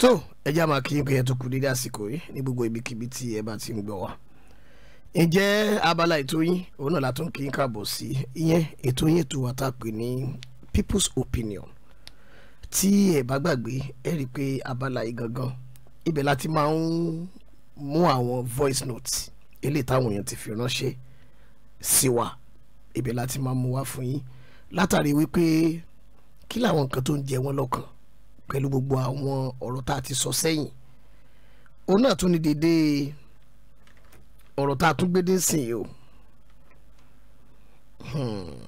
tó ẹjẹ́ àmà kí pé ẹ tó kú dédé àsìkò yìí ní gbogbo ibikíbi tí ẹ bá ti ń gbọ́ wá. ǹjẹ́ abala ètò yín òun náà látún kí n kàbọ̀ sí ìyẹn ètò yín ètò wa tá a pè ní people's opinion tí ẹ bá gbàgbé ẹ rí i pé abala yìí gangan ibẹ̀ láti máa ń mú àwọn voice notes. eléyìí táwọn èèyàn ti fi ránṣẹ́ sí wa ibẹ̀ láti máa mú wá fún yín látàrí wípé kí làwọn nǹkan tó ń jẹ wọ́n lọ́kàn pẹ̀lú gbogbo àwọn ọ̀rọ̀ tá a ti sọ sẹ́yìn òun náà tún ni dédé ọ̀rọ̀ tá a tún gbé dé sìn yìí o hmm.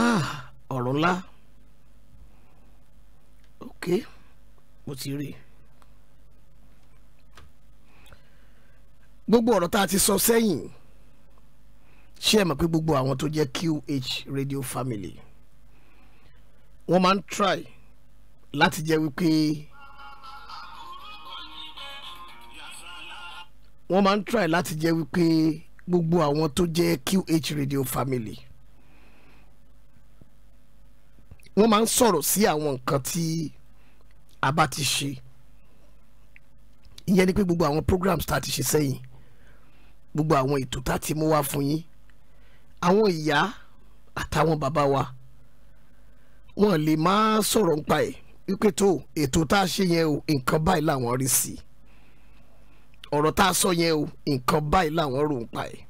ah, ọ̀rọ̀ ńlá ok mo ti rí gbogbo ọ̀rọ̀ tá a ti sọ sẹ́yìn ṣé ẹ mọ̀ pé gbogbo àwọn tó jẹ́ QH radio family wọ́n máa ń try láti jẹ́ wípé wọ́n máa ń try láti jẹ́ wípé gbogbo àwọn tó jẹ́ QH radio family wọ́n máa ń sọ̀rọ̀ sí àwọn nǹkan tí a bá ti ṣe ìyẹn ni pé gbogbo àwọn programs tá a ti ṣe sẹ́yìn gbogbo àwọn ètò tá a ti mú wá fún yín àwọn ìyá àtàwọn bàbá wa wọn lè má sọ̀rọ̀ nípa ẹ̀ wípé tó ètò tá a ṣe yẹn o nǹkan báyìí làwọn rí sí i ọ̀rọ̀ tá a sọ yẹn o nǹkan báyìí làwọn rò nípa ẹ̀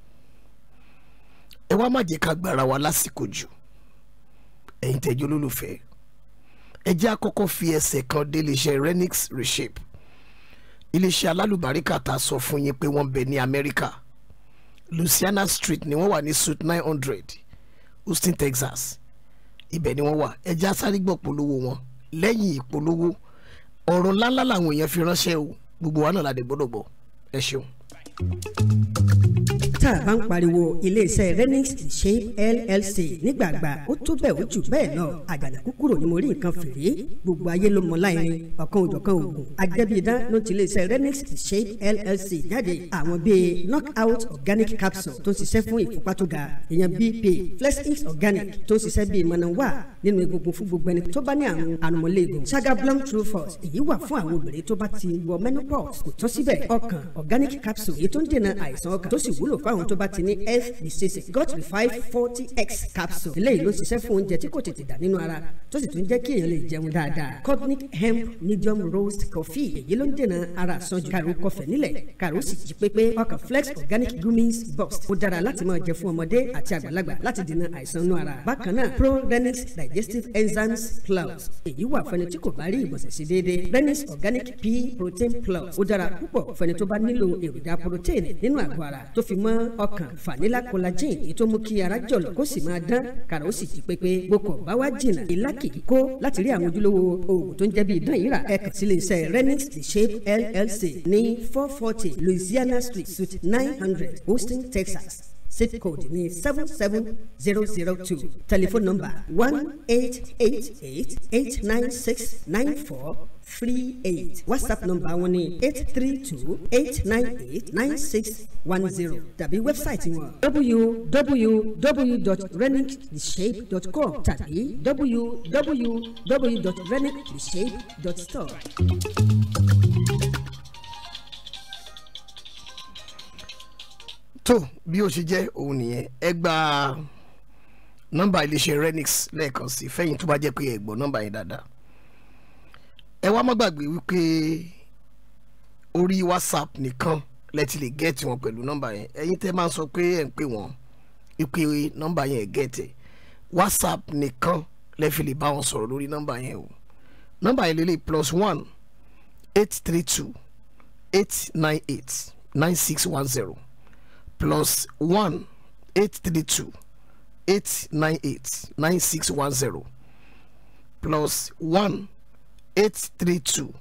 ẹ wá má jẹ́ ká gbára wa lásìkò jù ẹ̀yin tẹ́jú olólùfẹ́ ẹ jẹ́ àkọ́kọ́ fi ẹsẹ̀ kan dé iléeṣẹ́ Renix Reshape iléeṣẹ́ alálùbáríkà tá a sọ fún yín pé wọ́n bẹ ní Amẹ́ríkà Louisiana Street ni wọ́n wà ní suite nine hundred Houston Texas ibẹ̀ ni wọ́n wà ẹja sáré gbọ́ polówó wọn lẹ́yìn ìpolówó ọ̀rọ̀ ńláńlá làwọn èèyàn fi ránṣẹ́ o gbogbo wa náà la dé gbọ́dọ̀ gbọ́ ẹ ṣeun tá a bá ń pariwo iléeṣẹ́ renix shape llc nígbàgbà ó tó bẹ́ẹ̀ ó jù bẹ́ẹ̀ lọ àjànàkú kúrò ní mo rí nǹkan fèrè gbogbo ayé ló mọ láì ọ̀kan òjọ̀kan oògùn ajẹ́bíidán ló ti iléeṣẹ́ renix shape llc jáde àwọn bíi knockout organic capsule tó ń ṣiṣẹ́ fún ìfúnpá tó ga èèyàn bp flexix organic tó ń ṣiṣẹ́ bíi mọ̀nàwá nínú egungun fún gbogbo ẹni tó bá ní àrùn ànumọ̀lẹ́gùn sagablum true force èyí wà fún àwọn obìnrin tó bá ti wọ menopause kò tán síbẹ̀ ọkàn organic capsule èyí tó ń dènà àìsàn ọkàn tó sì wúlò fáwọn fáwọn tó bá ti ní health disease got revive forty x capsule eléyìí ló ṣiṣẹ́ fún oúnjẹ tí kò tètè dà nínú ara tó sì tún jẹ́ kí èèyàn lè jẹun dáadáa cognic hemp medium roast coffee èyí ló ń dènà ara àsanjù kàrò kọfẹ nílẹ̀ kàrò sì jí pépé ọkàn flex organic gummies box ó dára láti máa jẹ fún ọmọdé àti àgbàlagbà láti dènà àìsàn inú ara bákan náà pro renix digestive enzymes plus èyí wà fẹni tí kò bá rí ìgbọ̀nsẹ̀ sí déédéé renix organic pea protein plus ó dára púpọ̀ fẹni tó bá nílò èròjà protein nínú àgọ́ ara tó fi mọ́ ọpọlọ ọkàn fanila collagen èyí tó mú kí ara jọ̀lọ̀ kó sì máa dán kàrà ó sì jí pépé gbogbo ọ̀bá wa jìnnà ìlà kìí kó láti rí àwọn ojúlówó oògùn tó ń jẹ́ ìdán yìí rà ẹ kàn sí renix the shape llc ní four forty louisiana street suite nine hundred houston texas zip code ní seven seven zero zero two telephone number one eight eight eight eight nine six nine four three eight whatsapp number wọn ni eight three two eight nine eight nine six one zero tàbí wẹ́bsáìtì wọn www.renictheshape.com tàbí www.renictheshape.store. tó bí ó ṣe jẹ́ òun nìyẹn ẹ gba nọ́mbà iléeṣẹ́ renix lẹ́ẹ̀kan sí fẹ́yìn tó bá jẹ́ pé ẹ gbọ́ nọ́mbà yẹn dáadáa ẹ wá má gbàgbé wípé orí whatsapp nìkan lẹ́tì lè gẹ́ẹ̀tì wọn pẹ̀lú nọ́mbà yẹn ẹ̀yin tẹ́ máa ń sọ pé ẹ̀ ń pè wọ́n ìpè nọ́mbà yẹn gẹ́ẹ̀tì whatsapp nìkan lẹ́fì lè bá wọn sọ̀rọ̀ lórí nọ́mbà yẹn o nọ́mbà yẹn lélẹ̀ plus one eight three two eight nine eight nine six one zero plus one eight three two eight nine eight nine six one zero plus one eight three two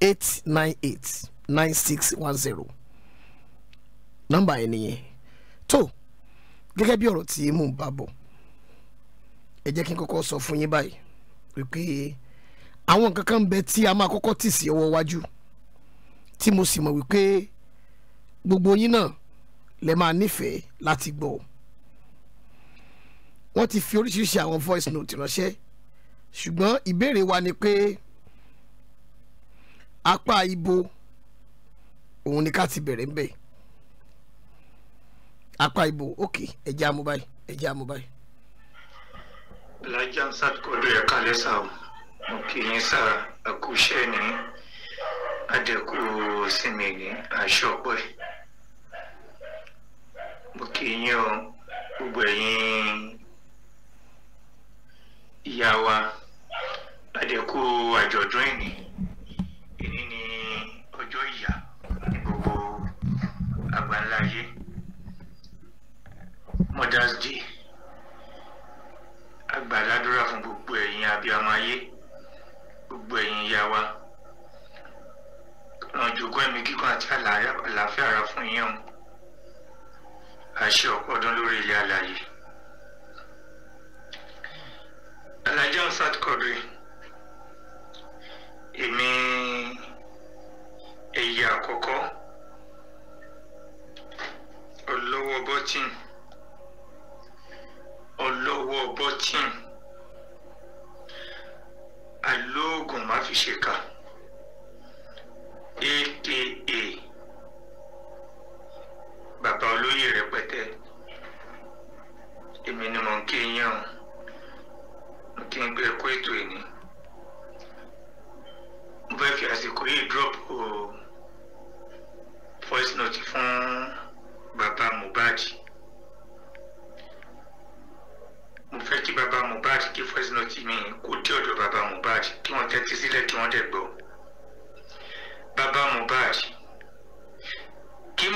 eight nine eight nine six one zero nọ́mbà yẹn nìyẹn tó gẹ́gẹ́ bí ọ̀rọ̀ tí mò ń bá bọ̀ ẹ jẹ́ kí n kọ́kọ́ sọ fún yín báyìí wípé àwọn nǹkan kan ń bẹ tí a máa kọ́kọ́ tì sí ọwọ́ iwájú tí mo sì mọ̀ wípé gbogbo yín náà lè máa nífẹ̀ẹ́ láti gbọ́ wọ́n ti fi oríṣiríṣi àwọn voice note ránṣẹ́ ṣùgbọ́n ìbéèrè wa ni pé apá ibo òun ni ká ti bẹ̀rẹ̀ ń bẹ̀ apá ibo ok ẹ̀jẹ̀ amú báyìí ẹ̀jẹ̀ amú báyìí. Alhaji Hamzat Kodri ẹ̀ka lẹ́sà o mo kì í sà àkúṣẹ́ ní adẹ́kù sinmi ní aṣọ ọ̀pẹ́ mo kì í yín gbogbo ẹ̀yin ìyá wa adẹ́kù àjọ̀dún ìní.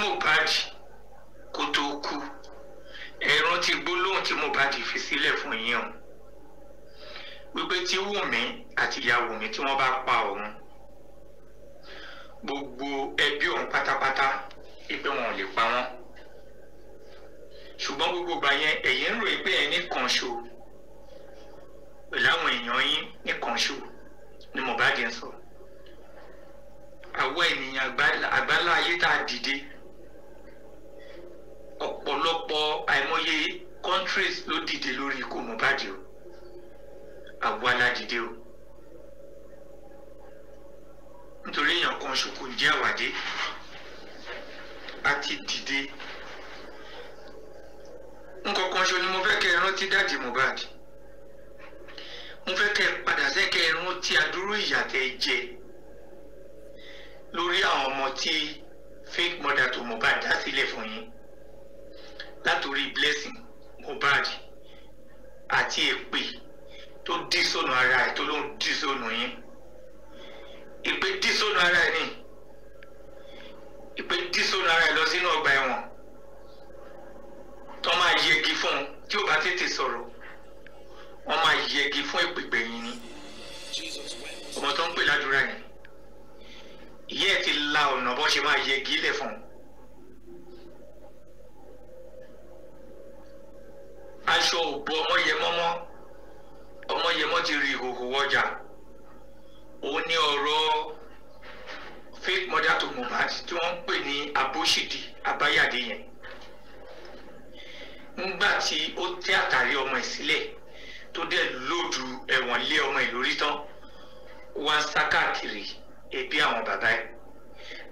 Mohbad kó tó kú ẹ rántí gbólóhùn tí Mohbad fi sílẹ̀ fún yín o wípé tí Wùmí àti ìyá Wùmí tí wọ́n bá pa òun gbogbo ẹbí òun pátápátá pé wọn ò lè pa wọ́n ṣùgbọ́n gbogbo ìgbà yẹn ẹ̀yin ń ròyìn pé ẹ̀ ní ṣo pẹ̀lú àwọn èèyàn yín ní ṣo ni Mohbad ń sọ àwọn ènìyàn àgbálá ayé tá a dìde ọ̀pọ̀lọpọ̀ àìmọye countries ló dìde lórí ikú Mohbad o àwa la dìde o nítorí èèyàn kan ṣokò jẹ́ àwàdé a dìde nǹkan kan ṣo ni mo fẹ́ kẹ́ ẹ rántí dáàdì Mohbad mo fẹ́ kẹ́ ẹ padà sẹ́kẹ́ ẹ rántí adúrú ìyà jẹ lórí àwọn ọmọ tí fake mother to Mohbad dá sílẹ̀ fún yín látòrí blessing Mohbad àti èpè tó dísònù ara ẹ̀ tó ló ń dísònù yín ìpè dísònù ara ẹ̀ ni ìpè dísònù ara ẹ̀ lọ sínú ọgbà ẹ̀wọ̀n tó máa yẹgi fún un tí ò bá tètè sọ̀rọ̀ wọ́n máa yẹgi fún ìpègbè yín ni ọmọ tó ń pè ládùúrà yẹn ìyá ẹ̀ ti la ọ̀nà bó ṣe máa yẹgi lẹ̀ fún un. aṣọ òbò ọmọ yẹmọmọ ọmọ yẹmọ ti rí ìhòhò ọjà òun ní ọ̀rọ̀ fake mother to Mohbad tí wọ́n ń pè ní abóṣìdì abáyàdé yẹn nígbà tí ó tẹ́ àtàrí ọmọ ẹ̀ sílẹ̀ tó dẹ̀ lóòdù ẹ̀wọ̀n lé ọmọ ẹ̀ lórí tán wá sá káàkiri ẹbí àwọn bàbá ẹ̀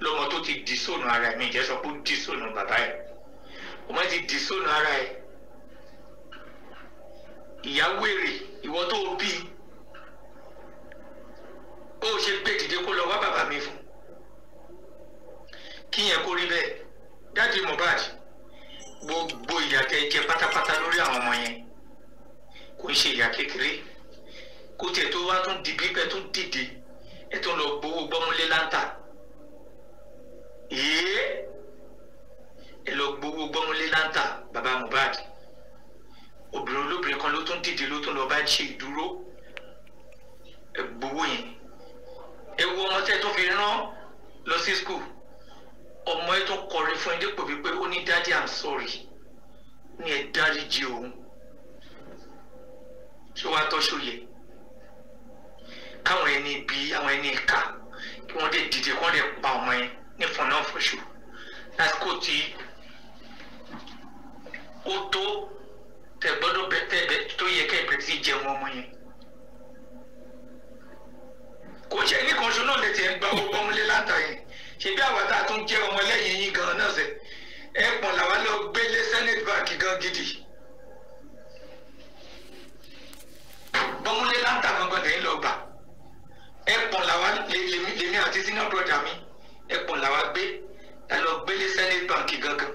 lọ́mọ tó ti dìsónù ara ẹ̀ mi ìjẹ́sọ pé dìsónù bàbá ẹ̀ ọmọ ti dìsónù ara ẹ̀ ìyàwó èrè ìwọ tó o bí ó ṣe gbé dìde kó lọ wá bàbá mi fún kí yẹn kó rí bẹ́ẹ̀ dáàdi Mohbad gbogbo ìyàtẹ̀ jẹ pátápátá lórí àwọn ọmọ yẹn kò ń ṣe ìyà kékeré kó tiẹ̀ tó wá tún di pípẹ́ tún dìde ẹ̀ tún lọ gbowó gbọ́múlé láńtà èé lọ gbowó gbọ́múlé láńtà bàbá Mohbad obìnrin olóbìnrin kan ló tún dìde ló tún lọ bá ṣe ìdúró gbowó yẹn ẹ wo ọmọ tẹ́ tó fi rán lọ sí school ọmọ ẹ tó kọrin fún ẹ dípò wípé ó ní daddy i'm sorry ní ẹ dáríjì òun ṣé wàá tọ́ṣọ yẹ káwọn ẹni bí àwọn ẹni ìka kí wọ́n dé dìde kí wọ́n dé pa ọmọ yẹn ní fọ̀nà fọ̀ṣù lásìkò tí ó tó tẹ gbọ́dọ̀ bẹ tẹ bẹ tó yẹ kẹ́ bẹ̀rẹ̀ sí jẹun ọmọ yẹn kò jẹ́ nìkan ṣo náà lẹ́tì ẹ̀ ń gba gbogbo ọmọlé láta yẹn ṣebí àwa tá a tún jẹ́ ọmọlẹ́yìn yín gan náà sẹ́ ẹ pọ̀n làwa lọ gbélé senate bank gan gidi bọ́mọlé láta gangan lẹ́yìn lọ gbà ẹ pọ̀n làwa lèmi àti senior brother mi ẹ pọ̀n làwa gbé ẹ lọ gbélé senate bank gangan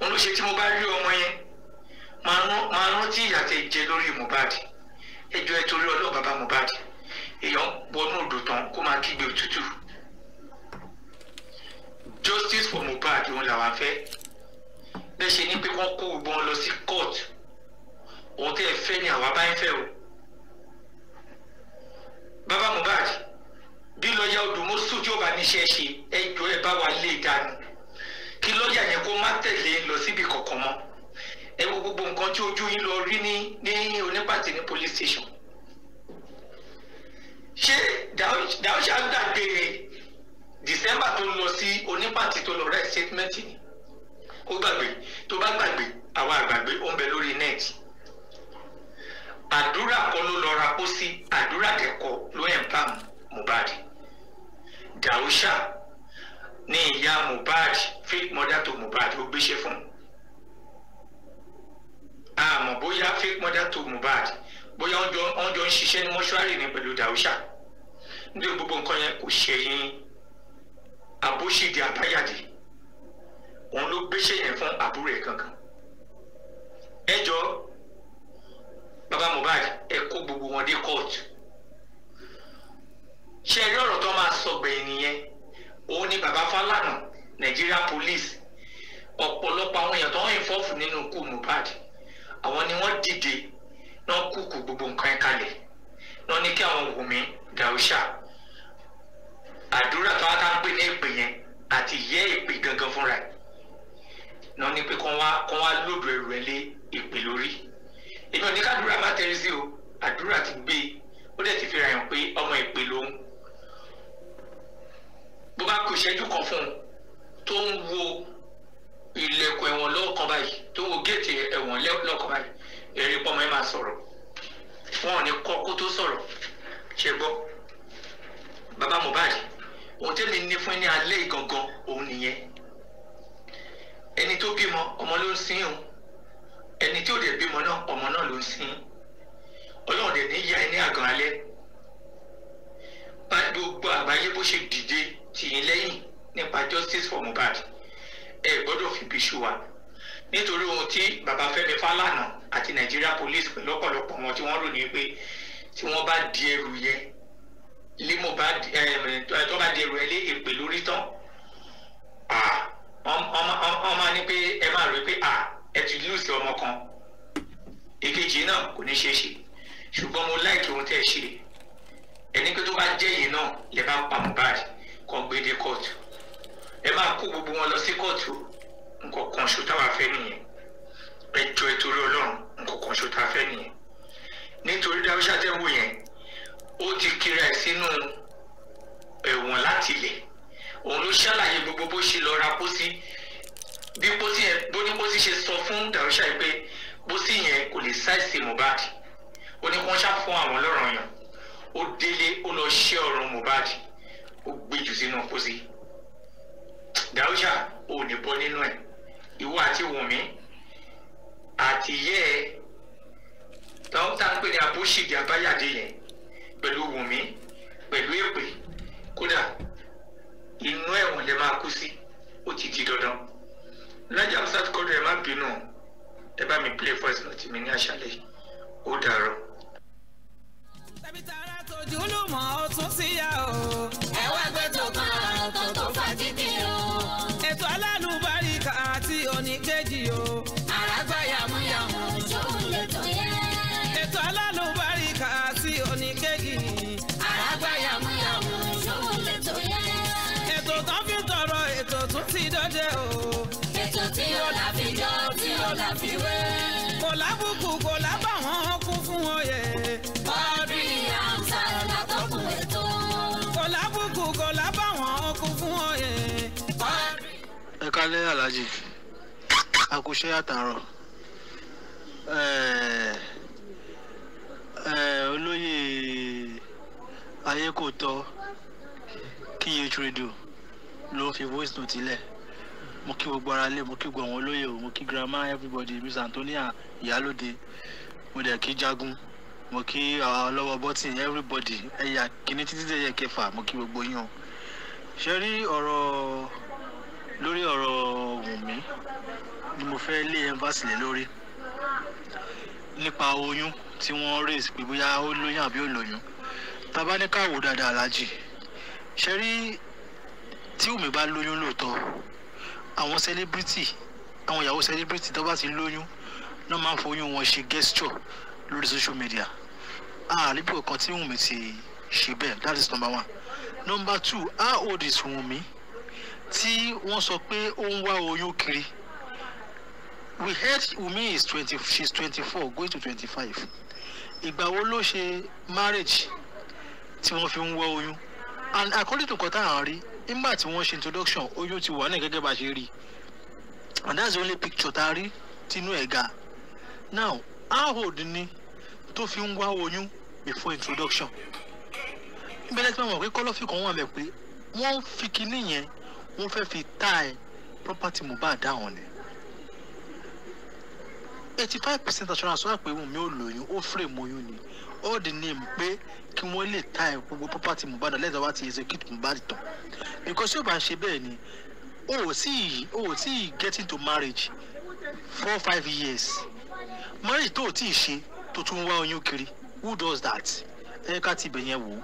òun ló ṣe tí mo bá rí ọmọ yẹn máa rántí ìyà tẹ́ jẹ lórí Mohbad ẹjọ́ ẹ torí ọlọ́ọ̀ bàbá Mohbad èèyàn bọnú odò tán kó máa kígbe òtútù justice for Mohbad òun làwọn fẹ́ bẹ́ẹ̀ ṣe ní pé wọ́n kó ìbọn lọ sí court òun tẹ́ ẹ fẹ́ ni àwa bá ń fẹ́ o bàbá Mohbad bí lọ́ọ̀yà odò mọ́sùn tí ó bá níṣẹ́ ṣe ẹjọ́ ẹ bá wa lé e dànù kí lọ́ọ̀yà yẹn kó má tẹ̀lé lọ síbi kọ̀ọ̀kan mọ́ ẹ wo gbogbo nǹkan tí ojú yín lọ rí ní ní onípàtì ní police station ṣé dáhùnsá gbàgbé December tó lọ sí onípàtì tó lọ rẹ statement ni ó gbàgbé tó bá gbàgbé àwa àgbàgbé ó ń bẹ lórí net àdúrà kọ́ ló lọ ra kó sí àdúrà kẹ́kọ̀ọ́ ló ẹ̀ ń bá Mohbad dáhùnsá ní ìyá Mohbad fake mother to Mohbad ó gbéṣẹ́ fún àmọ́ bóyá fake mother to Mohbad bóyá wọ́n jọ ń ṣiṣẹ́ ní mọ́ṣúárì ní pẹ̀lú dàúṣà nítorí gbogbo nǹkan yẹn kò ṣẹ̀yìn àbóṣìdì àbáyàdì òun ló gbéṣẹ́ yẹn fún àbúrò ẹ̀ kankan ẹ jọ bàbá Mohbad ẹ kó gbogbo wọn dé court ṣe rí ọ̀rọ̀ tó máa sọ gbẹ̀yìn nìyẹn òun ni bàbá Fálànà Nigeria police ọ̀pọ̀lọpọ̀ àwọn èèyàn tó ń ìfọ́fù nínú ikú Mohbad àwọn ni wọ́n dìde náà kúkú gbogbo nǹkan ẹ̀ kalẹ̀ náà ní kí àwọn Wùmí Dausha àdúrà tó wá ká ń pè ní èpè yẹn àti ìyẹ́ èpè gangan fúnra ẹ̀ náà ní pé kán wá kán wá lòdù ẹrù ẹ lé èpè lórí èmi ò ní kádùrà má tẹrí sí o àdúrà ti gbé ó dẹ̀ ti fi ra yàn pé ọmọ èpè lòun bó bá kù ìṣẹ́jú kan fún un tó ń wo ilẹ̀kùn ẹ̀wọ̀n lọ́kàn báyìí tó ń wo géètì ẹ̀wọ̀n lọ́kàn báyìí ẹ̀rí pọ́nmọ́ ẹ̀ máa sọ̀rọ̀ wọn ò ní kọ́ kó tó sọ̀rọ̀ ṣe gbọ́ bàbá Mohbad ohun tẹ́mi ní fún ní alẹ́ ìgangan òun nìyẹn ẹni tó bímọ ọmọ ló ń sin òun ẹni tí ò dẹ̀ bímọ náà ọmọ náà ló ń sin ọlọ́run dẹ̀ ní yá ẹ ní àgàn alẹ́ gbogbo àgbáyé bó ṣe dìde tìyín lẹ́yìn nípa justice for Mohbad ẹ gbọ́dọ̀ fi bíṣu wa nítorí ohun tí bàbá Fẹ́mi Fálànà àti Nigeria police pẹ̀lú ọ̀pọ̀lọpọ̀ wọn tí wọ́n rò ní pé tí wọ́n bá di ẹrù yẹ lé Mohbad tó bá di ẹrù yẹ lé èpè lórí tán wọ́n máa ní pé ẹ máa rí pé ẹ ti lùsì ọmọ kan èkejì náà kò ní ṣeé ṣùgbọ́n mo láìkí ohun tẹ́ ẹ ṣe ẹni pé tó bá jẹ́ yìí náà lè bá pa Mohbad kàn gbé dé kóòtù ẹ máa kó gbogbo wọn lọ sí kóòtù nǹkan kan ṣo táwa fẹ́ nìyẹn ẹ jọ ìtorí Ọlọ́run nǹkan kan ṣo táwa fẹ́ nìyẹn nítorí dáwísà tẹ́ wò yẹn ó ti kíra ẹ̀ sínú ẹ̀wọ̀n láti ilẹ̀ òun ló ṣàlàyé gbogbo bó ṣe lọ ra pósí bí pósí yẹn bó ní pósí ṣe sọ fún dáwísà yìí pé pósí yẹn kò lè ṣàìsí Mohbad ó ní kí fún àwọn lọ́rọ̀ yàn ó délé ó lọ ṣẹ́ ọ̀run Mohbad ó gbé jù sínú pósí dàúṣà ò ní bọ́ nínú ẹ̀ ìwọ àti wùnmí àtìyẹ́ ẹ táwọn tá à ń pè ní abóṣìdì abáyàdé yẹn pẹ̀lú wùnmí pẹ̀lú èpè kódà inú ẹ̀wọ̀n lè máa kú sí ó ti di dandan lájà ọ̀sán kọ́dọ̀ ẹ̀ má bínú ẹ bá mi play voice note mi ní àṣálẹ́ ó dàárọ̀. tẹ̀bítàrà tòjú lùmọ̀ ó tún síyà o. òmùgọ̀ lábàwọ̀n okùn fún òye. ẹ kálẹ́ aláàjì àkùṣe àtàrọ̀ olóyè ayé kò tọ́ kí h radio ló fi voice note ilẹ̀ mo kí gbogbo ara lé mo kí gbogbo àwọn olóyè o mo kí grandma everybody miss antonia ìyálóde mo dẹ̀ kí jagun mo kí ọlọ́wọ́ bọ́tìn everybody ẹ̀yà kìíní títí dé ẹ̀yà kẹfà mo kí gbogbo yín o ṣe rí ọ̀rọ̀ lórí ọ̀rọ̀ Wùnmí ni mo fẹ́ lé ẹ̀ńfàsì lé lórí nípa oyún tí wọ́n raise pé bóyá ó lóyún àbí ó lóyún tàbá ní káwò dáadáa aláàjì ṣe rí tí Wùnmí bá lóyún lóòótọ́ àwọn celebrity àwọn ìyàwó celebrity tó bá ti lóyún náà máa ń foyún wọn ṣe gesture lórí social media àríbí ah, ọ̀kan tí Wùnmí ti ṣe bẹ́ẹ̀ that is number one number two how old is Wùnmí tí wọ́n sọ pé ó ń wá oyún kiri we heard Wùnmí is twenty she is twenty four going to twenty five ìgbà wo ló ṣe marriage tí wọ́n fi ń wá oyún and according to nǹkan tá à ń rí nígbà tí wọ́n ṣe introduction oyún ti wà ní gẹ́gẹ́ bá ṣe rí and that's the only picture tá a rí tínú ẹ̀ ga now how old ni tó fi ń wá oyún before introduction ìbẹ̀rẹ̀ tí wọ́n mọ̀ pé kọ́lọ́fì kan wà mẹ́ pé wọ́n fi kinní yẹn wọ́n fẹ́ fi tie property Mohbad down ni eighty five percent assurance wà pé Wunmi ò lóyún ó frame oyún ni ó di ní pé kí wọ́n lè tie gbogbo property Mohbad lẹ́dọ̀ wá ti execute Mohbad tán because yóò bá ń ṣe bẹ́ẹ̀ ni o ò tí ì o ò tí ì getting to marriage four five years marriage tó o tí ì ṣe tó tún wá oyún kiri who does that ẹ ká ti bẹ̀yẹn wò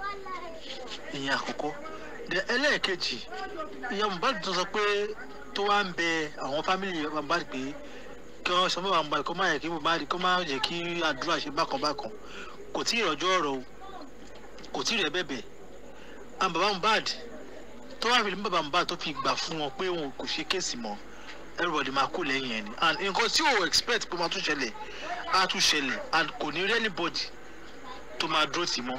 the elekeji ìyá Mohbad to sọ pé tó wá ń bẹ àwọn fámìlì Mohbad pé kí wọ́n sọ mọ́ba Mohbad kó má yẹ kí Mohbad kó má yẹ kí àdúrà ṣe bákan bákan kò tí ì rọjò ọ̀rọ̀ o kò tí ì rẹ̀ bẹ̀bẹ̀ àwọn bàbá Mohbad tó wà fìlímù bàbá Mohbad fi gbà fún wọn pé wọn kò ṣe kéèsì mọ́ everybody máa kú lẹ́yìn ẹni and nǹkan tí o expect pé máa tún ṣẹlẹ̀ á tún ṣẹlẹ̀ and kò ní rí anybody tó máa dúró tì mọ́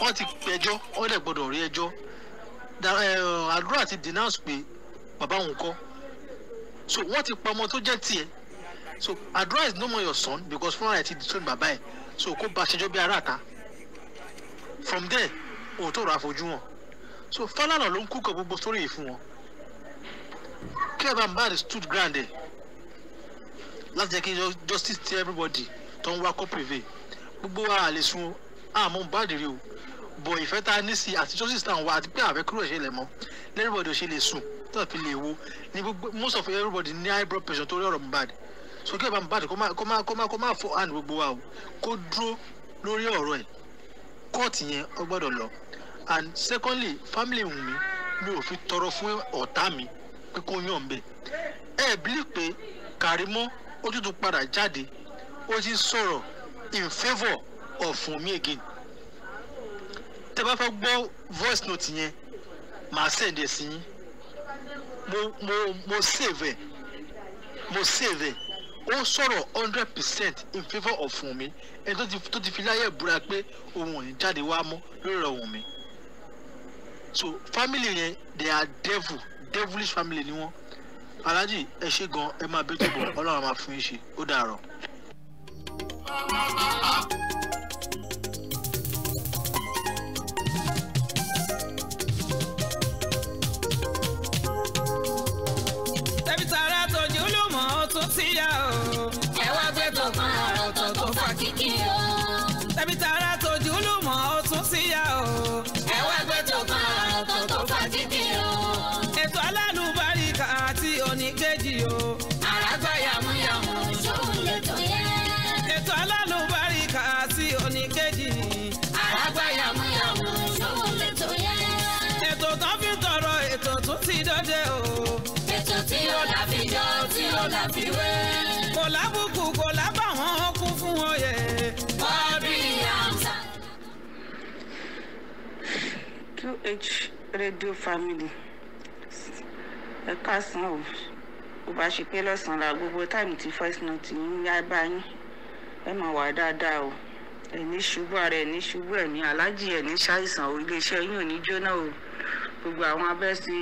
wọ́n ti pẹjọ́ wọ́n dẹ̀ gbọ́dọ̀ rí ẹjọ́ àdúrà ti denounce pé bàbá òun kọ́ so wọ́n ti pa ọmọ tó jẹ́ tiẹ̀ so àdúrà is no more your son because fúnra ẹ̀ ti disown bàbá ẹ̀ so kó ba ṣẹjọ́ bí ara ta from there òun tó rà fojú wọn so Falana ló ń kú kọ gbogbo sórí yìí fún wọn Clear and Bad stood ground ẹ̀ láti jẹ́ kí justice tell everybody tó ń wá kó prevail gbogbo wa lè sun àmọ́ bá dìrí o bọ̀ ìfẹ́ tá ní sí àti justice tá à wá àti pé àfẹ́ kúrò ẹ̀ṣẹ̀ lẹ̀ mọ́ everybody ò ṣe lè sùn tó àfi lè wo ní gbogbo most of everybody ní high blood pressure torí ọ̀rọ̀ Mohbad so kí ẹ̀ bá Mohbad kó má kó má kó má kó má fọ hàn gbogbo wa o kó dúró lórí ọ̀rọ̀ ẹ̀ kóòtù yẹn ó gbọ́dọ̀ lọ and secondly family Wunmi mi ò fi tọrọ fún ọ̀tá mi pé kó yàn ń bẹ̀ ẹ̀ bílí pé Karimo ó tún tún padà jáde ó ti sọ̀rọ̀ in favor of me again The bá fẹ́ voice note yẹn màá send ẹ sí yín mo mo mo save ẹ mo save ẹ ó sọ̀rọ̀ hundred percent in favor of Wunmi ẹni tó ti tó ti fi láyé búra pé òun ò ní jáde wá so family yẹn they are devil devilish family ni wọ́n Alhaji ẹ ṣe gan ẹ máa bẹ́ẹ̀ tó bọ̀ Ọlọ́run máa fún yín ṣe ó Ah, ah, ah, ah. rédíò family ẹ káàsán o bó bá ṣe pé lọ́sàn-án la gbogbo táìmù tí first note yín yá bá yín ẹ máa wà dáadáa o ẹ ní ṣubú ara ẹ ní ṣubú ẹ̀mí aláàjì ẹ ní ṣàìsàn o iléeṣẹ́ yín ò ní jóná o gbogbo àwọn abẹ́sí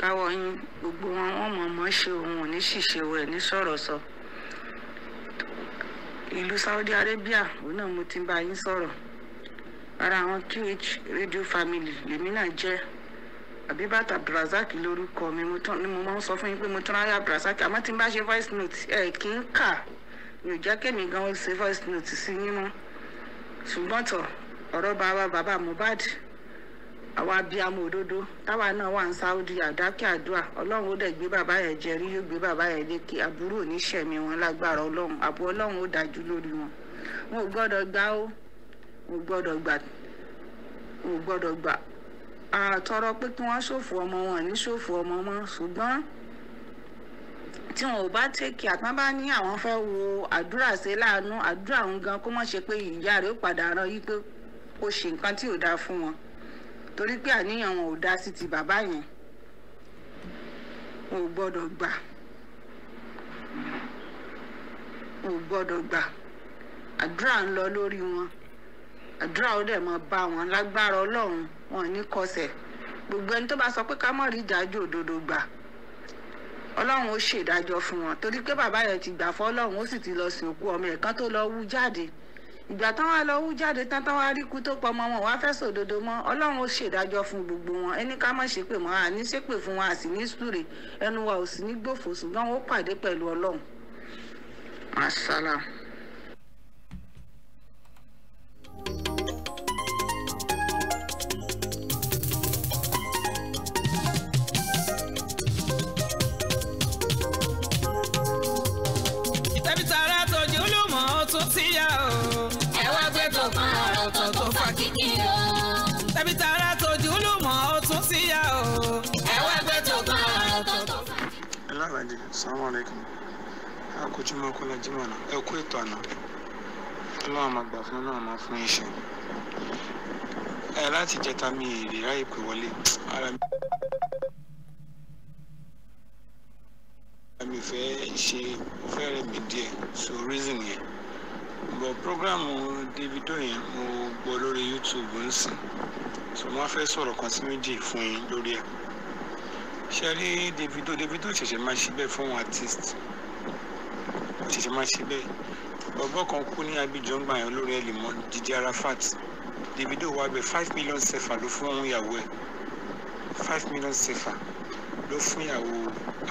káwọ́ yín gbogbo wọn wọ́n mọ̀ mọ́ ṣe òun ò ní ṣìṣe o ẹ̀ ní sọ̀rọ̀ sọ. ìlú Saudi Arabia òun náà mo ti ń bá yín sọ̀rọ̀ ara àwọn QH radio family lèmi náà jẹ́ Abibat Abdulrasaq lórúkọ mi ni mo máa ń sọ fún yín pé mo tọ́ra Abdulrasaq àmọ́ tí n bá ṣe voice note ẹ̀ kì í kà mi ò jẹ́ kémi gan ó ṣe voice note sí yín mọ́ ṣùgbọ́n tọ̀ ọ̀rọ̀ bàbá bàbá Mohbad àwa abiyamọ òdodo táwa náà wà ní Saudi àdákẹ́ àdúrà ọlọ́run ó dẹ̀ gbé bàbá yẹn jẹrí yóò gbé bàbá yẹn lékè àbúrò oníṣẹ̀mí wọn lágbára ọlọ́run àbò ọlọ́run ó dájú lórí wọn wọn ò gbọ́dọ̀ gbà ó wọn ò gbọ́dọ̀ gbà wọn ò gbọ́dọ̀ gbà àtọrọ pé kí wọ́n ṣòfò ọmọ wọn ní ṣòfò ọmọ wọn ṣùgbọ́n tí wọn ò bá tẹ́kì àtàn bá ní àwọn fẹ́ wo àdúrà ṣe láàánú àdúrà òun gan kó má ṣe pé ìyá rẹ̀ ó padà rán yí pé kó ṣe nǹkan tí ò dáa fún wọn torí pé àníyàn wọn ò dáa sí ti bàbá yẹn wọn ò gbọ́dọ̀ gbà wọn ò gbọ́dọ̀ gbà àdúrà ń lọ lórí wọn àdúrà ó dẹ̀ mọ́ bá wọn lágbára ọlọ́run wọn ní kọsẹ̀ gbogbo ẹni tó bá sọ pé ká mọ̀ rí ìdájọ́ òdodo gbà ọlọ́run ó ṣèdájọ́ fún wọn torí pé bàbá yẹn ti gbà fọ́ ọlọ́run ó sì ti lọ sin òkú ọmọ ẹ̀ kan tó lọ wú jáde ìgbà tán wá lọ wú jáde tán tán wá rí ikú tó pọ̀ ọmọ wọn wá fẹ́ sòdodo mọ́ ọlọ́run ó ṣèdájọ́ fún gbogbo wọn ẹni ká má ṣépè mọ́ àní ṣépè fún wọn àsì ní sùúrè ẹnu wa ò sì ní gbòfò ṣùgbọ́n ó pàdé pẹ̀lú ọlọ́run. asalaam. Assalamu alaikum akójúmọ́ ọkọlá jimoh náà ẹ kú ètò àná ọlọ́run máa gbà fún ọlọ́run máa fún yín ṣe ẹ eh, láti jẹta mi èrè ráyè pé wọlé ara mi fẹ́ ṣe fẹ́rẹ̀ mi díẹ̀ so reason yẹn bọ̀ programu Davido yẹn mo gbọ́ lórí YouTube ń sìn so wọ́n fẹ́ sọ̀rọ̀ kan sí méjì fún yín lórí ẹ̀ ṣe rí Davido Davido ṣẹ̀ṣẹ̀ máa ṣe bẹ́ẹ̀ fún artist ṣẹ̀ṣẹ̀ máa ṣe bẹ́ẹ̀ bọ̀bọ̀ kan kú ní Abidjan gbà yẹn olórí ẹ̀ lè mọ Didi Arafat Davido wà bẹ́ẹ̀ five million sefa ló fún ìyàwó ẹ̀ five million sefa ló fún ìyàwó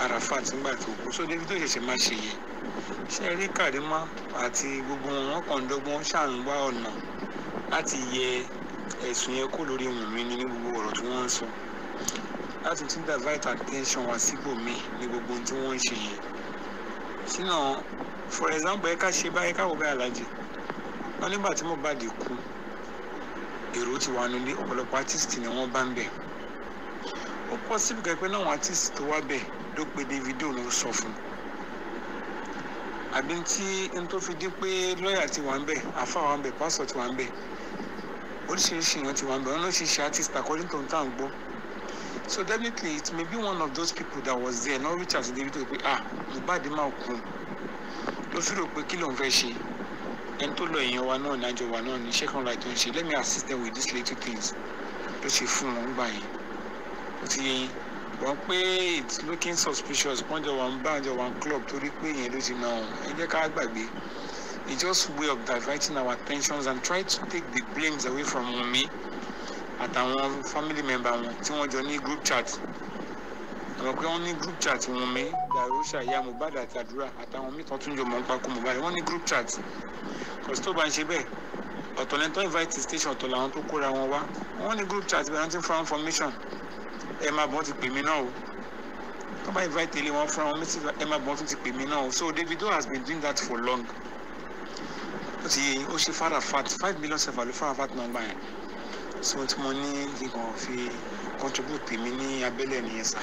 Arafat nígbà tó kú so Davido ṣẹ̀ṣẹ̀ máa ṣe yẹn ṣe rí Karima àti gbogbo wọn kàn dọ́gbọ́n ṣàǹgbá ọ̀nà láti yẹ ẹ̀sùn yẹn kó lórí Wùnmí ní gbogbo ọ̀rọ̀ tí wọ́n ń sọ láti tún divert attention wa síbòmí ní gbogbo ohun tí wọ́n ń ṣe yìí sínú for example ẹ̀ka ṣe báyìí káwọ́ bá alájẹ wọn nígbà tí Mohbad kú èrò ti wà nílé ọ̀pọ̀lọpọ̀ artist ni wọ́n bá ń bẹ̀ ó pọ̀ síbi kẹ́pẹ́ náà àwọn artist tó wá bẹ̀ ló pe Davido ló sọ fún àbí tí n tó fi di pé lọ́ọ̀yà ti wà ń bẹ̀ àfa wà ń bẹ̀ pásọ̀ ti wà ń bẹ̀ oríṣiríṣi èèyàn ti wà ń bẹ̀ wọn ló ṣe ṣe artist according to n tá à ń gbọ́ So definitely, it may be one of those people that was there, not reach out to David to pe ah Mohbad máa kú ló fi rò pé kí ló ń fẹ́ ṣe ẹni tó lọ èèyàn wa náà ní àjọ wa náà ní second right tó ń ṣe let me assist them with these little things ló ṣe fún wọn gbà yẹn ó ti yẹ yín it's looking suspicious wọ́n jọ wọn bá jọ wọn club torí pé yẹn ló ti na ọ̀hún ẹ jẹ́ ká gbàgbé it's just way of diverting our attentions and try to take the blames away from me àtàwọn family member wọn tí wọ́n jọ ní group chat àwọn pé wọ́n ní group chat wọn mi dàrúṣà ìyá Mohbad àti àdúrà àtàwọn mi tán tún jọ mọ̀ nípa kú Mohbad wọ́n ní group chat kòsí tó bá ń ṣe bẹ́ẹ̀ ọ̀tọ̀ lẹ́ni tó invite station ọ̀tọ̀ làwọn tó kóra wọn wá wọ́n ní group chat bẹ́ẹ̀ wọ́n ti ń fún information ẹ máa bọ́ ti pè mí náà o wọ́n bá invite ilé wọn fún àwọn mẹ́sì ẹ máa bọ́ tún ti pè mí náà o so Davido has been doing that for long ó ti ó ṣe fara fat five million sefa ló fara fat number yẹn so tí mo ní kí n kàn fi contribute tèmi ní abẹ́lẹ̀ nìyẹn sá.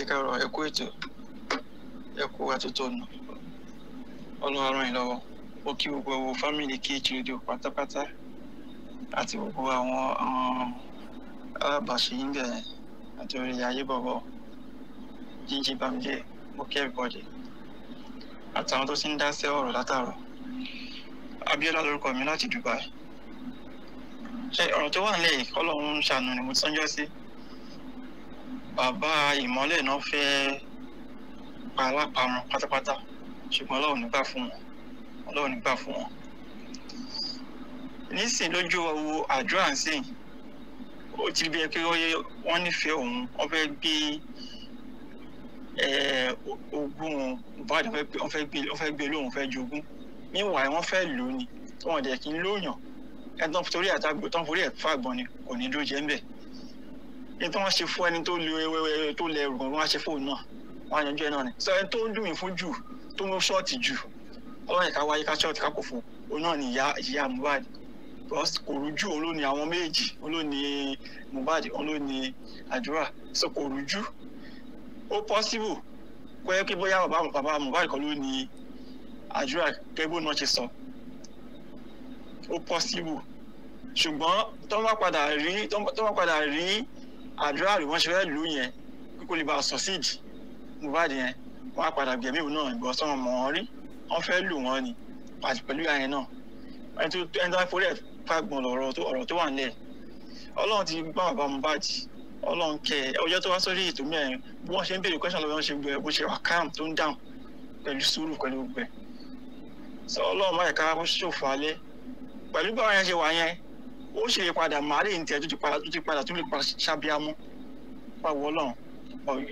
ẹ káàárọ̀ ẹ kú ètò ẹ kú àtúntọ̀nà ọlọ́run ràn yín lọ́wọ́ mo kí gbogbo owó fámìlì KH Radio pátápátá àti gbogbo àwọn alábàáṣe yín bẹ̀rẹ̀ àti orí ayé bọ̀bọ̀ jíjí bàmídé mo kí everybody àtàwọn tó ti ń dá sí ọ̀rọ̀ látàrọ̀ Abíọ́lá lórúkọ mi láti Dubai ṣe ọ̀rọ̀ tó wà nílẹ̀ yìí kọ́ lóun ń ṣàánú ni mo ti sanjọ́ sí. Si bàbá ìmọ́lẹ̀ náà fẹ́ẹ́ pa alápamọ́ pátápátá ṣùgbọ́n ọlọ́run nígbà fún wọn ọlọ́run nígbà fún wọn. nísìn lójú owó àjọ àǹsìn ó ti bí ẹ pé wọ́n nífẹ̀ẹ́ òun wọ́n fẹ́ gbé eh, ogún wọn ìbáraẹni wọ́n fẹ́ gbé wọ́n fẹ́ gbé lóun fẹ́ jogún níwàá wọ́n fẹ́ lò ó ni wọ́n dẹ̀ kí ń lóyàn ẹni tó ń torí àtàgbò tó ń forí ẹ̀ fàgbọ́n ni kò ní dó jẹ́ ń bẹ̀ ní tí wọ́n ṣe fún ẹni tó lè wẹ́wẹ́ tó lè rùn wọ́n á ṣe fóònù náà wọ́n á yanjú ẹ̀ náà ni sọ ẹni tó ń dùn fún jù tó ń ṣọ́ọ̀tì jù ọlọ́run ìka wáyé ká ṣọ́ọ̀tì ká kò fún òun náà ni ìyá ìyá Mohbad because kò rújú òun ló ni àwọn méjì òun ló ni Mohbad òun ló ni àdúrà so kò rújú ó possible kó yẹ kí bóyá bàbá bàbá Mohbad kan ló ni àdúrà kẹ́gbó náà ṣe sọ ó possible ṣùgbọ́n tó padà rí tó padà rí àdúrà rẹ̀ wọ́n ṣe fẹ́ lù ú yẹn kó lè bá a sọ̀síìdì Mohbad yẹn wọ́n á padà gbẹ̀mí òun náà ìbọn sọ́wọ́n mọ̀ ọ́n rí wọ́n fẹ́ lù wọ́n ni pàtì pẹ̀lú àyẹn náà ẹni tó ẹni tó forí ẹ̀ fagbọn ọ̀rọ̀ tó wà nílẹ̀ Ọlọ́run ti gbọ́ bàbá Mohbad Ọlọ́run kẹ ọjọ́ tó wá sórí ètò mẹ́rin bí wọ́n ṣe ń béèrè kọ́ṣọ́ lọ́wọ́ ṣe gbẹ bó ṣe wà káàm tó ń dáhùn pẹ̀lú sùúrù pẹ̀lú gbẹ sọ Ọlọ́run má yẹ ká ṣòfò alẹ́ pẹ̀lú bí àwọn yẹn ṣe wà yẹn ó ṣe é padà màálè ní tiẹ̀ tó ti padà tó ti padà tó lè padà ṣàbíamú pàwọ́ ọlọ́run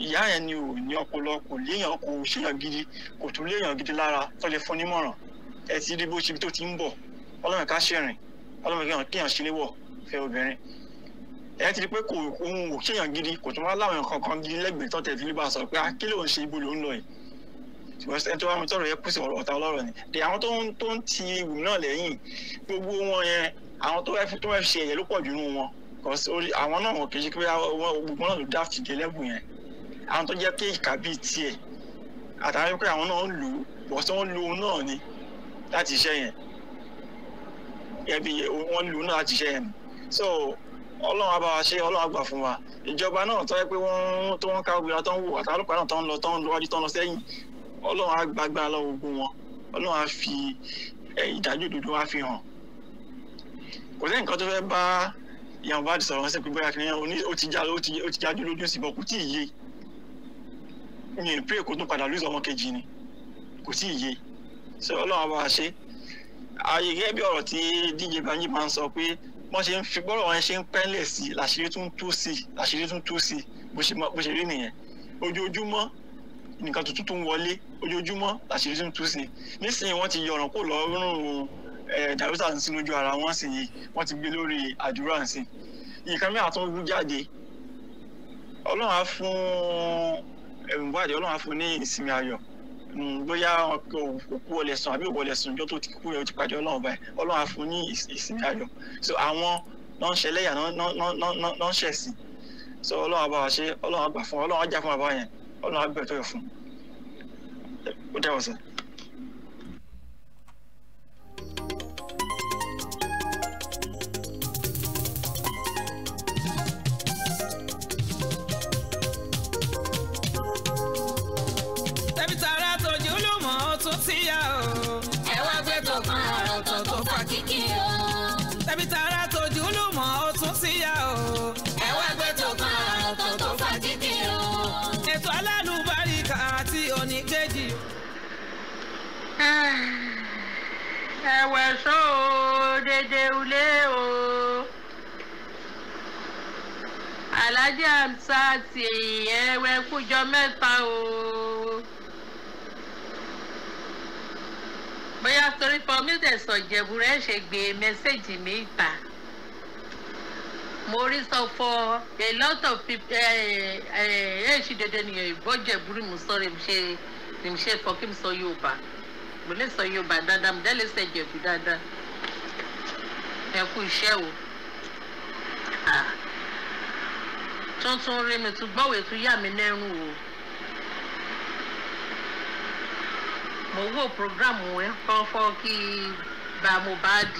ìyá yẹn ni ò ní ọpọlọ kò léèyàn kò ṣèyàn gidi kò tún léèyàn gidi lára tó lè fún nímọ̀ràn ẹ ti rí bó ṣe tó ti ń bọ̀ ọlọ́run ká ṣèrìn ọlọ́run kéèyàn ṣe léwọ̀ fẹ́ obìnrin ẹ ti rí pé kò òun ò ṣèyàn gidi kò tún wá láwọn nǹkan gidi lẹ́gbẹ̀ẹ́ tó tẹ̀ bá sọ pé ah, kí ló ṣe ibo ló lọ yìí because ẹni tó bá mi tọrọ yẹ kú sí ọ̀tá ọlọ́rọ̀ ni de àwọn tó ń tó ń ti wù náà lẹ́yìn gbogbo wọn yẹn àwọn tó fẹ́ tó fẹ́ ṣe ẹ̀yẹ ló pọ̀ jù nù wọn because àwọn náà wọn kì í ṣe pé gbogbo náà ló dáàfì dé lẹ́bùn yẹn àwọn tó jẹ́ pé ìkà bíi tiẹ̀ àtàwọn pé àwọn náà ń lù ú because wọ́n lu òun náà ni láti iṣẹ́ yẹn ẹbí wọ́n lu òun náà láti iṣẹ́ yẹn so ọlọ́run abá wa ṣe ọlọ́run àgbà fún wa ìjọba náà tó yẹ pé wọ́n tó wọ́n ká obìnrin tó ń wò àtàwọn ọlọ́pàá náà tó ń lọ tó ń lọ wájú tó ń lọ sẹ́yìn ọlọ́run á gbàgbára lọ́wọ́ ogun wọn ọlọ́run á fi eh, ìdájọ́ òdodo á fi hàn kò sí nǹkan tó fẹ́ bá ìyàwó àti sọ̀rọ̀ ṣe pé bóyá kí ni ó ti já ó ti jájú lójú sí bọ́ọ̀ kò tí ì yé mi ì pé èkó tún padà lóṣù ọmọ kejì ni kò tí ì yé ṣé ọlọ́run á bá a ṣe ààyè gẹ́gẹ́ bí ọ̀rọ̀ tí díje banji máa ń sọ pé wọ́n ṣe ń fi bọ́ọ̀rọ̀ wọn ṣe ń pẹ́ńlẹ̀ sí i làṣírí tún tú sí i làṣírí tún tú sí i bó ṣe rí nìyẹn ojoojúmọ́ nǹkan tuntun tó ń wọlé ojoojúmọ́ àṣírí tó ń tú sí i nísìnyí wọ́n ti yọ̀ràn kó lọ rún un dàrúsà ń sínú ojú ara wọn sì yìí wọ́n ti gbé lórí àdúrà ń sìn nǹkan mìíràn tó ń wú jáde ọlọ́run á fún ìwádìí ọlọ́run á fún ní ìsinmi ayọ̀ hmm, bóyá òkú ọlẹ̀ sùn àbí òkú sùn jọ́ tó ti kú yẹn ti pàdé ọlọ́run báyìí ọlọ́run á fún ní ìsinmi ayọ̀ so àwọn náà ń ṣẹlẹ́yà náà ń ṣẹ̀sìn so ọlọ́run á ṣe ọlọ́run á fún ọlọ́run á fún bàbá yẹn ọlọ́run àgbẹ̀ tó yọ fún ó dẹ́wọ̀ sẹ́. tẹ̀bítàrà tòjú lùmọ̀ ó tún ti yá ètò alálùbáríkà àti oníkejì. Ah, ẹ̀wẹ̀ sọ o dédé ulé o alájà àmsà ti ẹ̀wẹ̀ kújọ mẹ́ta o. bóyá torí pọ̀ mílíọ̀nù sọ̀jẹ̀bù rẹ̀ ṣe gbé mẹ́sẹ̀gì mi ìta mo rí sọ for a lot of people eh, eh, eh, ẹ ẹ ẹ ṣì dédé nìyẹn ìbọ́jẹ̀ burú mi sọ rẹ̀ mi ṣe ni mi ṣe fọ kí mi sọ Yorùbá mo lè sọ Yorùbá dáadáa mo dẹ́ lè sọ Ìjẹ̀bú dáadáa ẹ kú iṣẹ́ o tuntun rí mi tún gbọ́wé tún yà mí lẹ́rù o mo wò program ẹ fọ́fọ́ kí bá Mohbad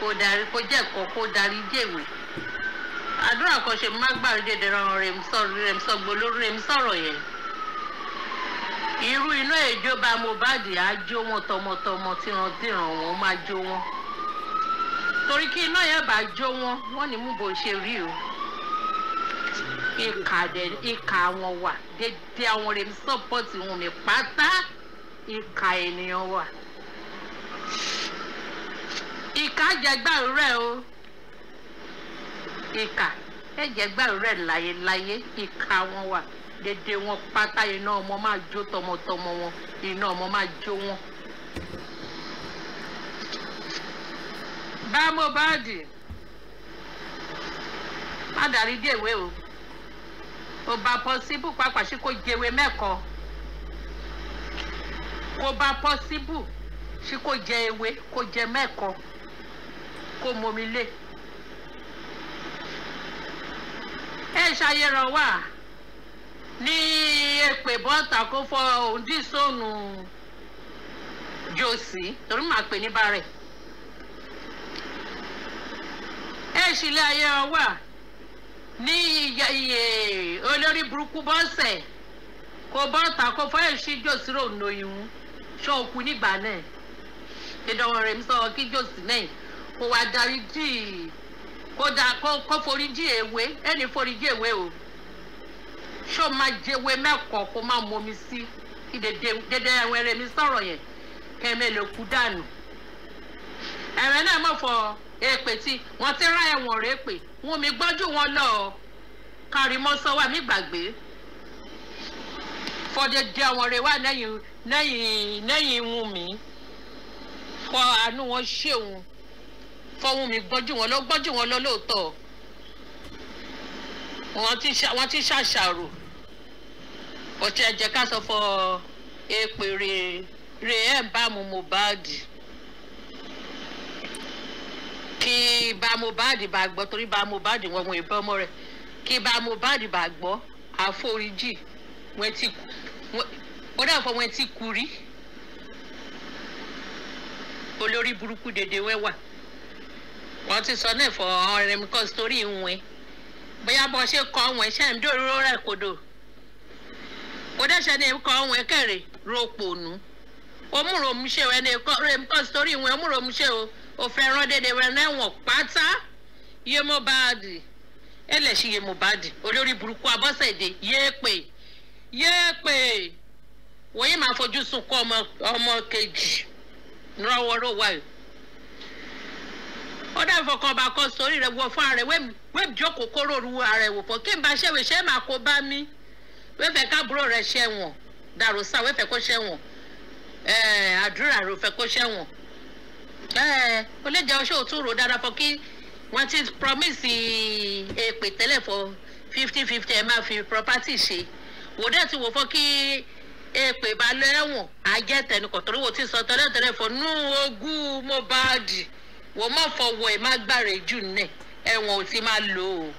kó darí kó jẹ́ ẹ̀kọ́ kó darí jèwé àdúrà kan ṣe má gbàrúdé dẹran rèmsọgbó lórí rèmsọrọ yẹn irú iná ìjọba Mohbad á jó wọn tọmọtọmọ tírantíran wọn máa jó wọn torí kí iná yẹn bá jó wọn wọn ní mú bó ṣe rí o ìkà dẹ ìkà wọn wà dédé àwọn rèmsọpọtì wọn mi pátá ìkà ènìyàn wà ìkà jẹgbàrú rẹ o ìkà ẹ̀jẹ̀ gbàrú rẹ̀ láyéláyé ìkà wọn wà dédé wọn pátá iná ọmọ máa jó tọmọtọmọ wọn iná ọmọ máa jó wọn. bá Mohbad má darí déwé o ò bá pọ́síbù pàápàá sí kó jẹwé mẹ́kọ̀ọ́ kó bá pọ́síbù sí kó jẹ ewé kó jẹ mẹ́kọ̀ọ́ kó momi lé. ẹ wà ní èpè bọ́ǹtà kó fọ òǹdí sóònù torí màá pè ní bàrẹ̀ ẹ ṣìlẹ̀ ọwà ní iye olórí burúkú bọ́ǹsẹ̀ kó bọ́ǹtà kó fọ èṣí jòsí ròǹdò ìhun nígbà náà ìdánwò rẹ̀ sọ kí náà kó kódà kó foríjì èwe ẹni foríjì èwe o ṣó máa jẹwé mẹ́kọ̀ọ́ kó máa momi sí kí dédé ẹ̀wọ̀n ẹ̀rẹ̀ mi sọ̀rọ̀ yẹn kẹ́mi lè kú dànù. ẹ̀rẹ̀ náà mọ̀ fọ èpè tí wọ́n ti rán ẹ̀wọ̀n rẹ̀ pè wọ́n mi gbọ́jú wọn lọ kárímọ́ sọ́wọ́ mi gbàgbé fọdẹdẹ àwọn rẹ̀ wà lẹ́yìn lẹ́yìn lẹ́yìn ìwọ̀n mi fọ àánú wọn ṣéun fọwọ́ mi gbọ́jú wọn lọ gbọ́jú wọn lọ lóòótọ́ wọ́n ti ṣàṣàrò ọ̀tí ẹ̀jẹ̀ ká sọ fọ èpèrè rè ẹ̀ bá mu Mohbad kí bá Mohbad bá gbọ́ torí bá Mohbad wọn wọn ìbọn ọmọ rẹ̀ kí bá Mohbad bá gbọ́ àforíjì wọn ti wọ́n dà wọn ti kú rí olórí burúkú dèdè wẹ́wà. wọ́n ti sọ náà ìfọ̀ ọ̀rẹ́ mi kọ́ sítórí ìwìn bóyá bọ́ ṣe kọ wọn iṣẹ́ ń dòróró rẹ̀ kodò kò dẹ́sẹ̀ ní kọ́ wọn kẹ̀rẹ̀ ropò nù omúròmúṣe ẹni ọ̀rẹ́ mi kọ́ sítórí ìwìn omúròmúṣe o òfẹ́ràn dédé wẹ̀rẹ̀wọ̀n pátá yé Mohbad ẹlẹ́sìn yé Mohbad olórí burúkú abọ́sẹ̀dé yé pè wọ́n yìí máa fojú sunkún ọmọ ọmọ kejì rọwọ́rọ́wọ́ yìí. ó dà fọkànbà kan sórí rẹ wọ fún ààrẹ wẹ́ẹ̀ jókòó kóró ru ààrẹ wò fún kí n bá ṣẹ̀wé ṣẹ́ máa kó bá mi wẹ́fẹ̀ káàbúrò rẹ ṣẹ̀wọ̀n dàrúsà wẹ́fẹ̀ kó ṣẹ̀wọ̀n àdúrà rẹ fẹ́ kó ṣẹ̀wọ̀n ó lè jẹ́ oṣù òtún rò dára fún kí wọ́n ti promise èpè tẹ́lẹ̀ fún fifty fifty ẹ̀ máa fi property ṣe wò dẹ́ ti wò fún kí èpè bá lọ ẹ̀wọ̀n àjẹtẹnukọ̀ torí wò ti sọ tẹ́lẹ̀ tẹ́lẹ̀ fún nú ogún Mohbad wọ́n má fọwọ́ ẹ̀ má gbàrẹ̀ jù nẹ̀ ẹ̀wọ̀n ò ti máa lò ó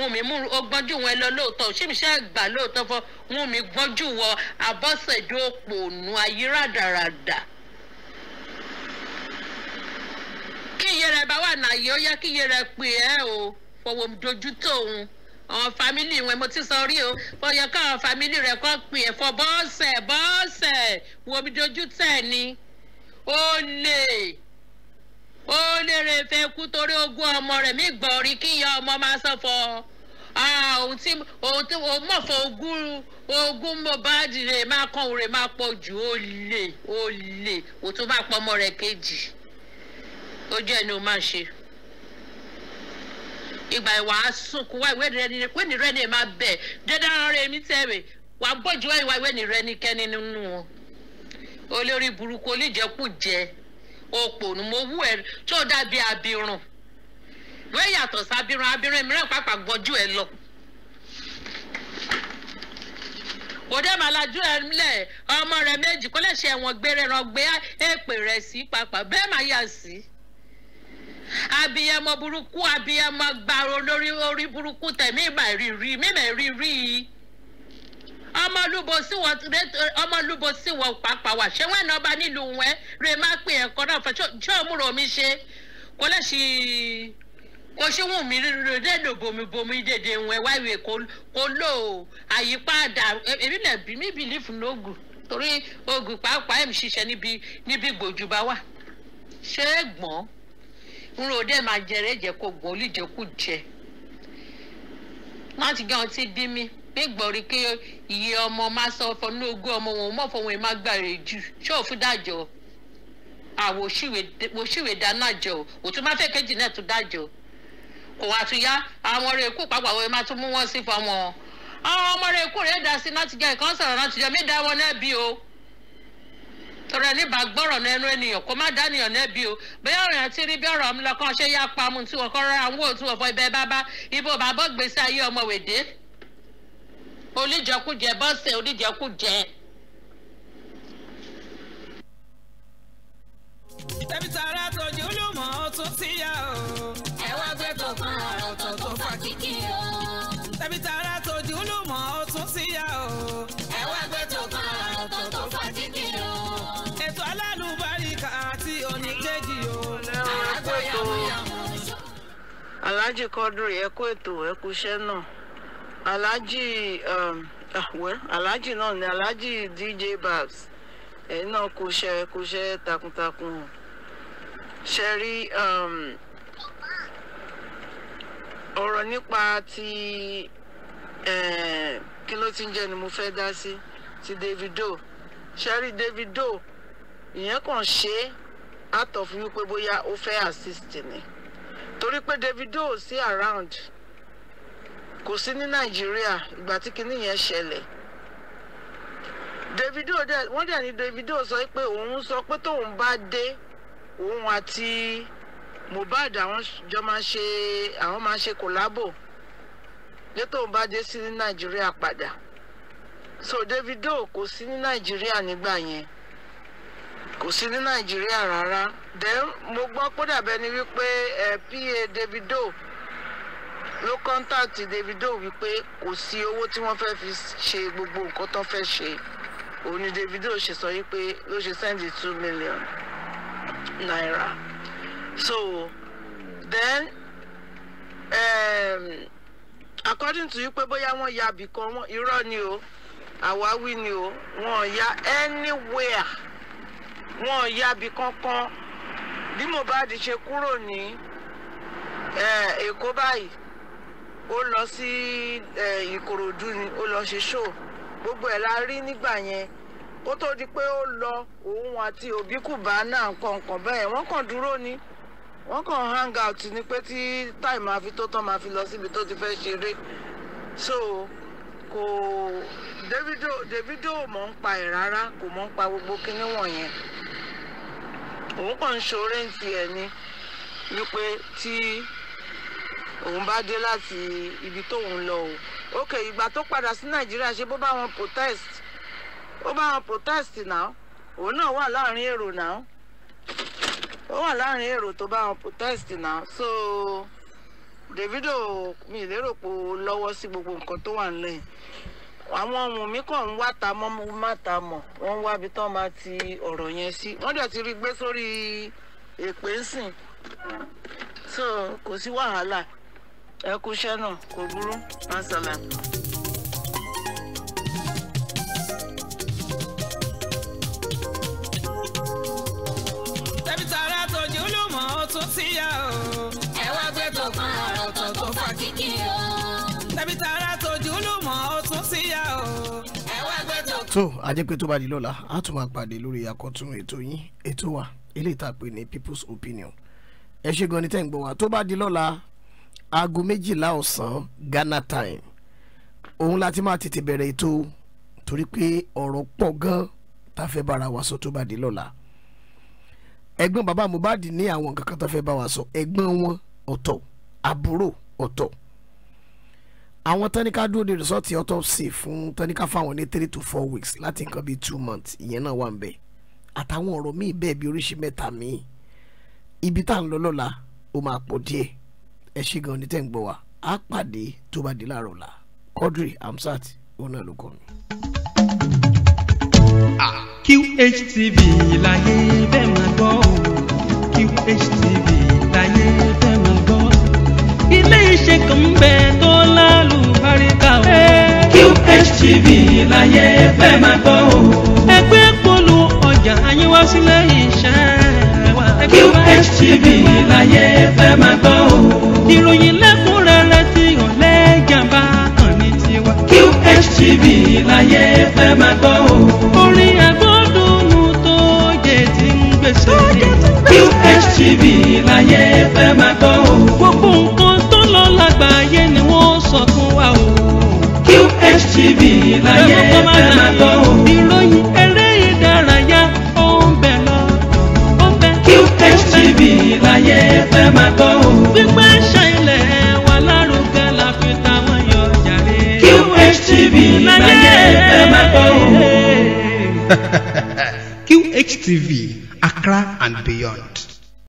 wọn mi mú o gbọ́njú wọn lọ lóòótọ́ ṣé mi ṣe àgbà lóòótọ́ fọ́ wọn mi gbọ́njú wọ abọ́sẹ̀dọ́pọ̀nù ayírádàràdà. kí iye rẹ bá wà náàyè ó yẹ kí iye rẹ pè ẹ́ o fọwọ́ dojú tó òun àwọn fámìlì wọn mo ti sọ rí o fọyọ káwọn fámìlì rẹ kọ́ pè ẹ́ fọ bọ́ọ̀sẹ̀ bọ́ọ̀sẹ̀ wo mi dojú tẹ̀ ni ó lè. Oh, ó lérè fẹ́ kú torí ogún ọmọ rẹ̀ mí gbọ́ rí kí ìyá ọmọ máa sọ̀fọ̀ ohun tí òun mọ̀ fọ ogún ogún Mohbad rẹ̀ máa kàn òun rẹ̀ máa pọ̀ jù ó lè ó lè ó tún máa pọ̀ ọmọ rẹ̀ kejì ó jẹ́ ẹni ó máa ṣe ìgbà ìwà sunkún wá ìwé rẹ ni ìwé ni ẹ máa bẹ dẹdẹ ara rẹ mi tẹ̀wé wà á bọ́jú wá ìwà ìwé ni rẹ ni kẹ́ni nínú wọn olórí burúkú olíjẹkù jẹ òpònú mo wú ẹ tó dàbí abirùn wọ́n yàtọ̀ sábìrún abirùn mìíràn pàpà gbọ́jú ẹ lọ. kò dé màá lajú ẹ lẹ ọmọ rẹ méjì kó lè ṣe ẹ̀wọ̀n gbére ran gbé èpè rẹ sí pàpà bẹ́ẹ̀ máa yà sí. abiyamọ burúkú abiyamọ gbàrọ lórí orí burúkú tẹmí ìmọ̀ ìrírí mímọ̀ ìrírí yìí ọmọlúbo sí wọn ọmọlúbo sí wọn pàápàá wà ṣé wọn náà bá nílùú wọn rè má pè ẹ̀kọ́ náà fẹ́ ṣé òmùrò mi ṣe kó lè ṣe kò ṣe wù mí rírẹ lò bomibomi dèdè wọn wá ìwé kó lò àyípadà èmi náà bí mi bìlífù lóògùn torí oògùn pàápàá èmi ṣiṣẹ́ níbi níbi gbòjúbá wà ṣé é gbọ́n n ro dé máa jẹrẹ jẹ kó gbọ́n olùjẹkù jẹ láti gan ọtí bí mi gbẹ́gbọ̀rí pé iye ọmọ máa sọ fọnú ogún ọmọ wọn mọ̀ fọwọ́n ẹ̀ máa gbàrè jù ṣọ́ọ̀fù dájọ́ àwòṣìwé dáná jọ ò tún máa fẹ́ kejì náà tún dájọ́ kò wá tún yá àwọn ọ̀rẹ́ ikú pàápàá wọn máa tún mú wọn sí fún wọn àwọn ọmọ rẹ kúrò yóò dá sí láti jẹ ìkan sọ̀rọ̀ láti jẹ mí dá wọn náà bí o tọrọ níbà gbọ́rọ̀ nẹnu ènìyàn kó má dánìyàn nẹ́bi o bóyá ọ̀rọ̀ àti rí bí ọ̀rọ̀ mi lọ kàn ṣe yá pamọ́ tí wọ́n kọ́ rọra ń wò tí wọ́n fọ ibẹ̀ bábá ibo bàbá gbèsè ayé ọmọ wèdè oníjẹkújẹ bọ́sẹ̀ oníjẹkújẹ. tẹ̀mítàrà tòjú olúmọ̀ ó tún ti yá o. ẹ wá gbé tó fún ọ̀rọ̀ tó tó fà kíkì o. tẹ̀mítàrà tòjú olúmọ̀ ó tún ti yá o. ẹ wá gbé tó fún ọ̀rọ̀ tó tó fà kíkì o. ètò alálùbáríkà àti oníkejì o. àgbẹ̀tò Alhaji ẹ kú ètò ẹ kú iṣẹ́ náà alhaji um, ah, well, alhaji náà ni alhaji dj babs ẹ̀yin náà kò ṣe kò ṣe takuntakun o ṣe um, nípa ti eh, kí ló ti ń jẹ́ ni mo fẹ́ dá sí ti Davido ṣe rí Davido ìyẹn kàn ṣe out of wípé bóyá ó fẹ́ assist ni torí pé Davido sí around. kò sí ní nàìjíríà ìgbà tí kinní yẹn ṣẹlẹ̀ Davido wọ́n dẹ̀ ní Davido sọ pé òun sọ pé tóun bá dé òun àti Mohbad àwọn jọ máa ṣe àwọn máa ṣe kòlábò pé tóun bá dé sí ní nàìjíríà padà so Davido kò sí ní nàìjíríà nígbà yẹn kò sí ní nàìjíríà rárá then mo gbọ́ pé dàbẹ́ ni wípé ẹ eh, pa Davido. ló kọ́ńtàkì Davido wípé kò sí owó tí wọ́n fẹ́ fi ṣe gbogbo nǹkan tó fẹ́ ṣe òun ni Davido ṣe sọ wípé ló ṣe sẹ́ndì two million naira so then um, according to wípé bóyá wọ́n ya bìkan wọn irọ́ ni o àwáwí ni o wọn ya anywhere wọn ya bìkan kan bí Mohbad ṣe kúrò ní eh, Èkó báyìí ó lọ sí ìkòròdú ni ó lọ ṣe ṣó gbogbo ẹ̀ la rí nígbà yẹn ó tó di pé ó lọ òun àti òbí kùbá náà kọ̀ọ̀kan bẹ́ẹ̀ wọ́n kàn dúró ni wọ́n kàn hang out ni pé tí táì máa fi tó tán máa fi lọ síbi tó ti fẹ́ ṣeré so kò Davido Davido mọ̀ ń pa ẹ̀ rárá kò mọ̀ ń pa gbogbo kinní wọ̀nyẹn òun kàn ń ṣoré ń tiẹ̀ ni wípé tí. òun bá dé láti ibi tóun lọ o ok ìgbà tó padà sí nàìjíríà ṣe bó bá wọn protest ó bá wọn protest náà òun náà wà láàrin èrò náà ó wà láàrin èrò tó bá wọn protest náà so Davido mi lérò pé ó lọ́wọ́ sí gbogbo nǹkan tó wà nílẹ̀ àwọn ọmọ mi kàn ń wá ta mọ́ má ta mọ̀ wọ́n ń wábi tán máa ti ọ̀rọ̀ yẹn sí wọ́n dẹ̀ ti rí gbé sórí èpè ń sìn so kò sí wàhálà ẹ kú iṣẹ́ náà kò burú masalam. tẹ̀bítàrà tòjú lùmọ̀ ó tún ti yá o. ẹ gbé tó kan ọ̀rọ̀ tó fa kíkì o. tẹ̀bítàrà tòjú lùmọ̀ ó tún ti yá o. tó. tó pé tó bá di lọ́la a tún máa pàdé lórí àkọ́tún ètò yín ètò wa eléyìí tá ní people's opinion ẹ ṣe gan ni tẹ́ ń gbọ́ wa tó bá di lọ́la aago méjìlá ọ̀sán Ghana time òun láti máa tètè bẹ̀rẹ̀ ètò torí pé ọ̀rọ̀ pọ̀ gan tá a fẹ́ bára wa sọ tó bá di lọ́la ẹ̀gbọ́n bàbá Mohbad ní àwọn kankan tó fẹ́ bá wa sọ ẹ̀gbọ́n wọn ọ̀tọ̀ àbúrò ọ̀tọ̀ àwọn tẹ́níkà dúró de resọ́ọ̀tì autopsy fún tẹ́níkà fáwọn ní three to four weeks láti nǹkan bíi two months ìyẹn náà wà ń bẹ̀ àtàwọn ọ̀rọ̀ míì bẹ́ẹ̀ bíi oríṣi mẹ́ta míì ibi tá à ń lọ lọ́la ó máa pọ̀ díẹ̀ ẹ ṣe gan ni tẹ́ ń gbọ́ wa á pàdé tó bá dé láàárọ̀ ọ̀la Quadri Hamzat òun náà ló kọ́ mi. Ah, QHTV láyé bẹ́ẹ̀ máa gbọ́ QHTV láyé bẹ́ẹ̀ máa gbọ́ ilé iṣẹ́ kan ń bẹ tó lálùbáríkà o. QHTV láyé bẹ́ẹ̀ máa gbọ́ o. ẹgbẹ́ polu ọjà ayé wá sílé iṣẹ́. QHTV láyé fẹ́ máa gbọ́ o. ìròyìn lẹ́kùnrẹ́rẹ́ tí ọ̀lẹ́ jàmbá kan ní tiwa. QHTV láyé fẹ́ máa gbọ́ o. orin agbódùnmù tó yẹ ti ń gbèsè. QHTV láyé fẹ́ máa gbọ́ o. gbogbo nǹkan tó lọ lágbàáyé ni wọ́n sọ fún wa o. QHTV láyé fẹ́ máa gbọ́ o. ìròyìn. fẹ́ máa gbọ́ o. gbígbé àṣà ilẹ̀ lárugẹ la fi táwọn yọ jàre. QHTV láyé fẹ́ máa gbọ́ o. QHTV Accra and beyond.